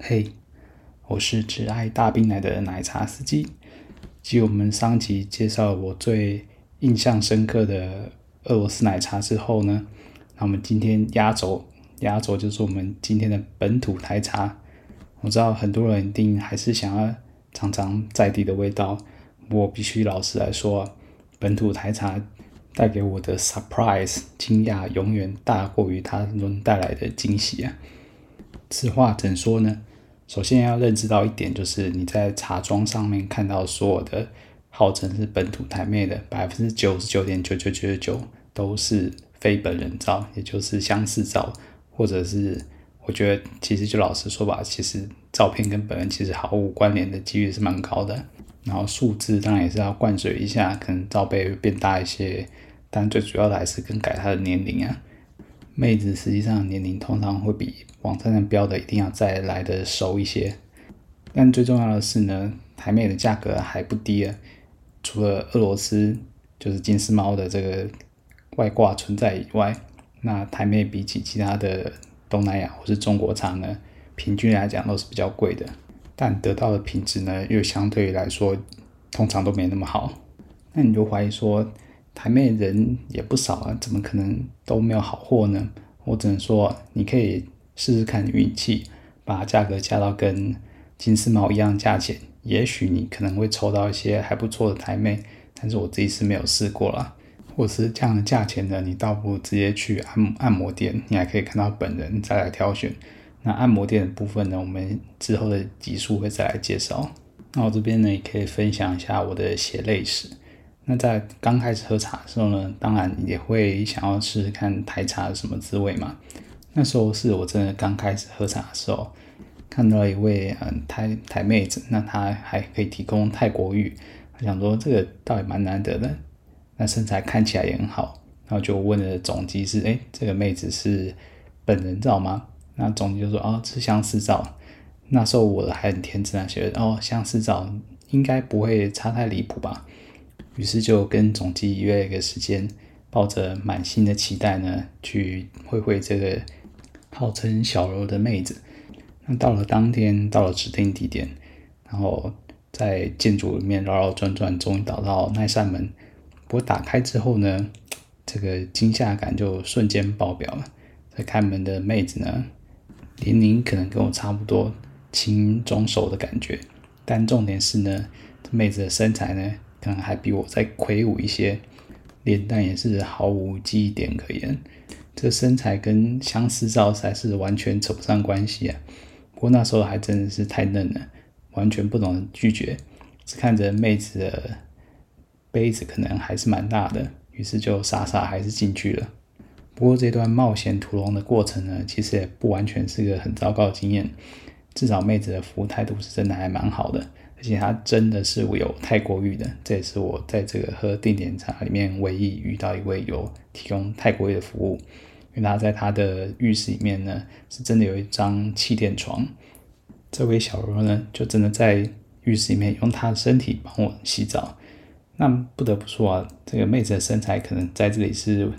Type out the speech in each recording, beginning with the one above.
嘿，hey, 我是只愛大冰奶的奶茶司機。繼我們上集介紹我最印象深刻的俄羅斯奶茶之後呢，那我們今天壓軸，壓軸就是我們今天的本土台茶。我知道很多人一定還是想要嘗嘗在地的味道。我必須老實來說啊，本土台茶帶給我的 surprise 驚訝永遠大過於它能帶來的驚喜啊！此話怎說呢？首先要認知到一點，就是你在茶莊上面看到所有的號稱是本土台妹的，百分之九十九點九九九九九都是非本人照，也就是相似照，或者是我覺得其實就老實說吧，其實照片跟本人其實毫無關聯的幾率是蠻高的。然後數字當然也是要灌水一下，可能罩杯會變大一些，但最主要的還是更改他的年齡啊。妹子實際上年齡通常會比網站上標的一定要再來得熟一些，但最重要的是呢，台妹的價格還不低啊。除了俄羅斯就是金絲貓的這個外掛存在以外，那台妹比起其他的東南亞或是中國產呢，平均來講都是比較貴的，但得到的品質呢又相對來說通常都沒那麼好。那你就懷疑說。台妹人也不少啊，怎麼可能都沒有好貨呢？我只能說，你可以試試看運氣，把價格加到跟金絲貓一樣價錢，也許你可能會抽到一些還不錯的台妹，但是我自己是沒有試過了。或者是這樣的價錢呢，你倒不如直接去按按摩店，你還可以看到本人再來挑選。那按摩店的部分呢，我們之後的集數會再來介紹。那我這邊呢，也可以分享一下我的血淚史。那在剛開始喝茶的時候呢，當然也會想要試試看台茶的什麼滋味嘛。那時候是我真的剛開始喝茶的時候，看到一位嗯台台妹子，那她還可以提供泰國浴，她想說這個倒也蠻難得的。那身材看起來也很好，然後就問了總機是，哎，這個妹子是本人照嗎？那總機就說哦，是相似照。那時候我還很天真，覺得哦，相似照應該不會差太離譜吧。於是就跟總機約了一個時間，抱着滿心的期待呢，去會會這個號稱小柔的妹子。那到了當天，到了指定地點，然後在建築裡面繞繞轉轉，終於找到那扇門。不過打開之後呢，這個驚嚇感就瞬間爆表了。這開門的妹子呢，年齡可能跟我差不多，輕中熟的感覺。但重點是呢，妹子的身材呢？可能還比我再魁梧一些，臉蛋也是毫無記憶點可言。這身材跟相思照才是完全扯不上關係啊！不過那時候還真的是太嫩了，完全不懂拒絕，只看着妹子的杯子可能還是蠻大的，於是就傻傻還是進去了。不過這段冒險屠龍的過程呢，其實也不完全是個很糟糕的經驗，至少妹子的服務態度是真的還蠻好的。而且他真的是我有泰國浴的，這也是我在這個喝定點茶裡面唯一遇到一位有提供泰國浴的服務，因為他在他的浴室裡面呢，是真的有一張氣墊床。這位小柔呢，就真的在浴室裡面用她的身體幫我洗澡。那不得不說啊，這個妹子的身材可能在這裡是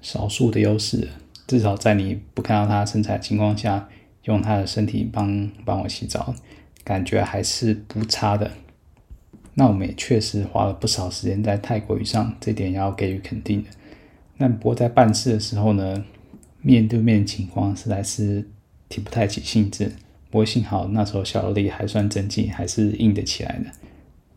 少數的優勢，至少在你不看到她身材的情況下，用她的身體幫幫我洗澡。感覺還是不差的，那我們也確實花了不少時間在泰國語上，這點要給予肯定的。但不過在辦事的時候呢，面對面情況實在是提不太起興致。不過幸好那時候小羅莉還算爭氣，還是硬得起來的。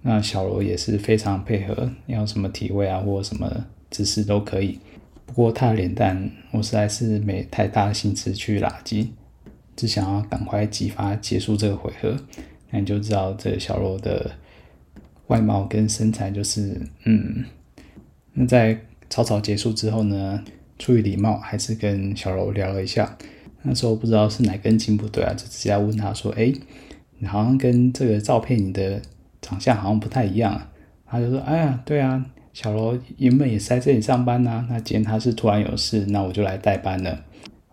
那小羅也是非常配合，要什麼體位啊或者什麼姿勢都可以。不過他的臉蛋，我實在是沒太大興致去垃圾。只想要趕快激發結束這個回合，那你就知道這個小柔的外貌跟身材就是嗯。那在草草結束之後呢，出於禮貌還是跟小柔聊了一下。那時候不知道是哪根筋不對啊，就直接問他說：“哎、欸，你好像跟這個照片你的長相好像不太一樣啊。”他就說：“哎呀，對啊，小柔原本也在這裡上班吶、啊，那今天他是突然有事，那我就來代班了。”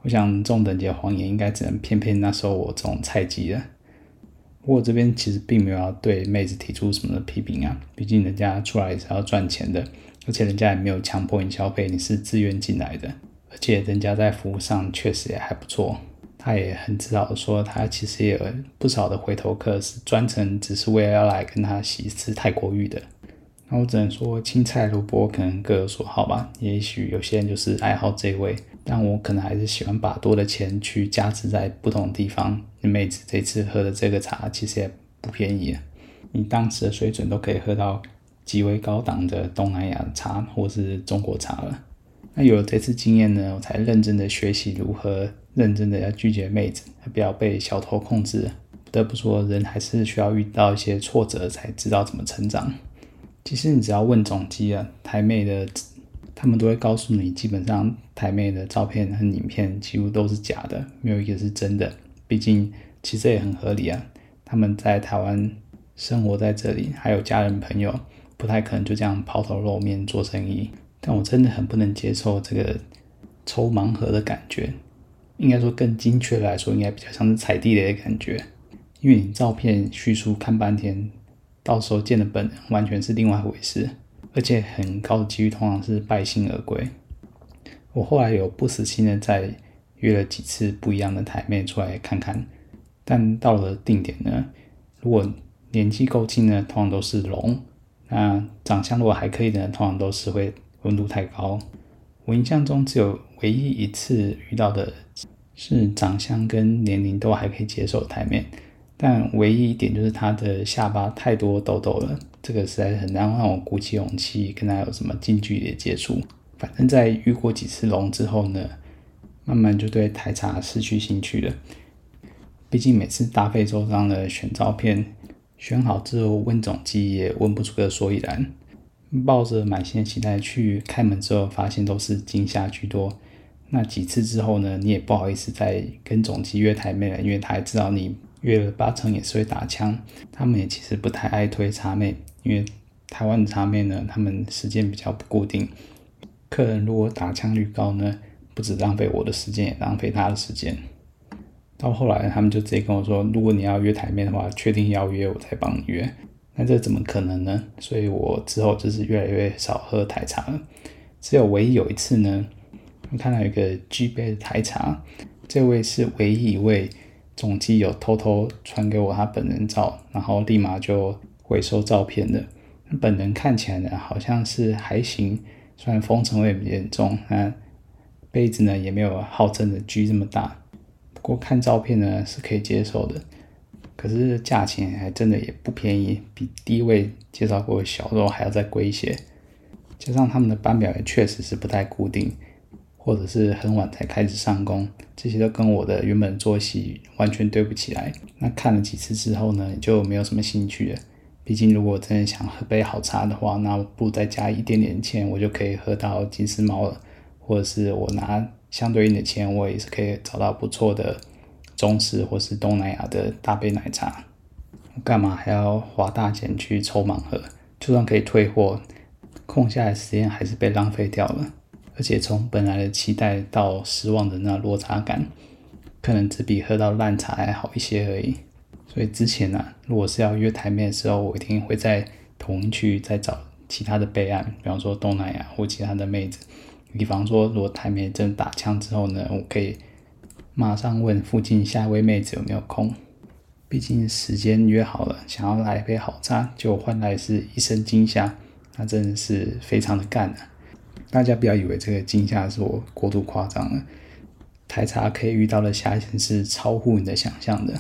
我想，中等級謊言應該只能騙騙那時候我這種菜雞了。不過我這邊其實並沒有對妹子提出什麼的批評啊，畢竟人家出來也是要賺錢的，而且人家也沒有強迫你消費，你是自願進來的，而且人家在服務上確實也還不錯，他也很自豪說他其實也有不少的回頭客是專程只是為了要來跟他洗一次泰國浴的。那我只能說，青菜、蘿蔔可能各有所好吧。也許有些人就是愛好這一味，但我可能還是喜歡把多的錢去加持在不同地方。妹子這次喝的這個茶其實也不便宜，你當時的水準都可以喝到極為高檔的東南亞茶或是中國茶了。那有了這次經驗呢，我才認真的學習如何認真的要拒絕妹子，不要被小偷控制。不得不說，人還是需要遇到一些挫折才知道怎麼成長。其實你只要問總機啊，台妹的，他們都會告訴你，基本上台妹的照片和影片幾乎都是假的，沒有一個是真的。畢竟其實也很合理啊，他們在台灣生活在這裡，還有家人朋友，不太可能就這樣拋頭露面做生意。但我真的很不能接受這個抽盲盒的感覺，應該說更精確的來說，應該比較像是踩地雷的感覺，因為你照片敘述看半天，到時候見了本人，完全是另外一回事，而且很高的幾率通常是敗興而歸。我後來有不死心的再約了幾次不一樣的台妹出來看看，但到了定點呢，如果年紀夠輕呢，通常都是龍，那長相如果還可以呢，通常都是會溫度太高。我印象中只有唯一一次遇到的是長相跟年齡都還可以接受的台妹。但唯一一點就是他的下巴太多痘痘了，這個實在是很難讓我鼓起勇氣跟他有什麼近距離接觸。反正，在遇過幾次龍之後呢，慢慢就對台茶失去興趣了。畢竟每次大費周章的選照片，選好之後問總機也問不出個所以然，抱着滿心的期待去開門之後，發現都是驚嚇居多。那幾次之後呢，你也不好意思再跟總機約台妹了，因為他知道你。約了八成也是會打槍，他們也其實不太愛推茶妹，因為台灣的茶妹呢，他們時間比較不固定，客人如果打槍率高呢，不止浪費我的時間，也浪費他的時間。到後來他們就直接跟我說，如果你要約台面的話，確定要約我才幫你約。那這怎麼可能呢？所以我之後就是越來越少喝台茶了，只有唯一有一次呢，我看到一個 G 杯的台茶，這位是唯一一位。總機有偷偷傳給我他本人照，然後立馬就回收照片的。本人看起來呢，好像是還行，雖然風塵味比較重，那杯子呢也沒有號稱的 G 這麼大。不過看照片呢是可以接受的，可是價錢還真的也不便宜，比第一位介紹過的小肉還要再貴一些。加上他們的班表也確實是不太固定。或者是很晚才開始上工，這些都跟我的原本的作息完全對不起來。那看了幾次之後呢，就沒有什麼興趣了。畢竟如果真的想喝杯好茶的話，那不如再加一點點錢，我就可以喝到金絲貓了。或者是我拿相對應的錢，我也是可以找到不錯的中式或是東南亞的大杯奶茶。幹嘛還要花大錢去抽盲盒？就算可以退貨，空下來的時間還是被浪費掉了。而且從本來的期待到失望的那落差感，可能只比喝到爛茶還好一些而已。所以之前呢、啊，如果是要約台妹的時候，我一定會在同區再找其他的備案，比方說東南亞或其他的妹子。比方說，如果台妹正打槍之後呢，我可以馬上問附近下一位妹子有沒有空。畢竟時間約好了，想要來一杯好茶，就換來是一聲驚嚇，那真的是非常的幹了、啊。大家不要以為這個驚嚇是我過度誇張了，台茶可以遇到的下限是超乎你的想象的，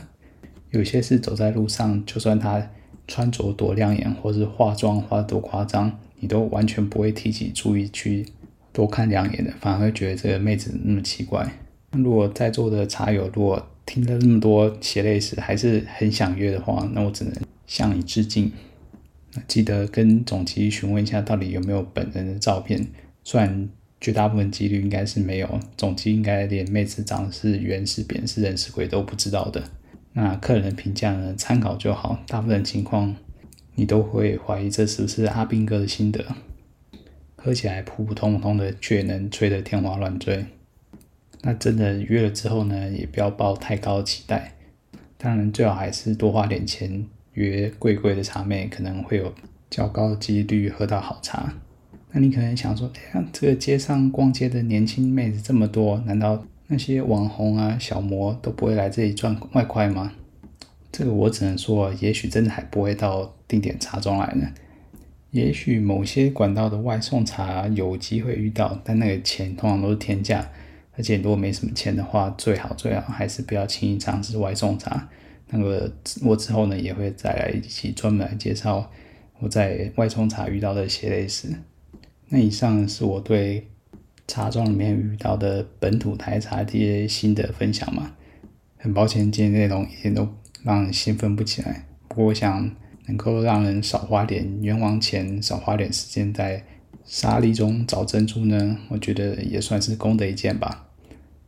有些是走在路上，就算她穿着多亮眼，或是化妝化多誇張，你都完全不會提起注意去多看兩眼的，反而會覺得這個妹子那麼奇怪。那如果在座的茶友如果聽了那麼多血淚史，還是很想約的話，那我只能向你致敬。那記得跟總機詢問一下，到底有沒有本人的照片。雖然絕大部分幾率應該是沒有，總之應該連妹子長是圓是扁是人是鬼都不知道的。那客人的評價呢，參考就好。大部分情況你都會懷疑這是不是阿兵哥的心得，喝起來普普通通的，卻能吹得天花亂墜。那真的約了之後呢，也不要抱太高的期待。當然，最好還是多花點錢約貴貴的茶妹，可能會有較高的幾率喝到好茶。那你可能想說，哎呀，這個街上逛街的年輕妹子這麼多，難道那些網紅啊、小模都不會來這裡賺外快嗎？這個我只能說，也許真的還不會到定點茶莊來呢。也許某些管道的外送茶，啊、有機會遇到，但那個錢通常都是天價，而且如果沒什麼錢的話，最好最好還是不要輕易嘗試外送茶。那個我之後呢也會再來一期專門來介紹我在外送茶遇到的一些類似。那以上是我對茶莊裡面遇到的本土台茶的一些新的分享嘛，很抱歉今天內容一點都讓人興奮不起來，不過我想能夠讓人少花點冤枉錢，少花點時間在沙礫中找珍珠呢，我覺得也算是功德一件吧。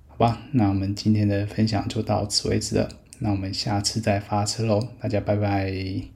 好吧，那我們今天的分享就到此為止了，那我們下次再發車嘍，大家拜拜。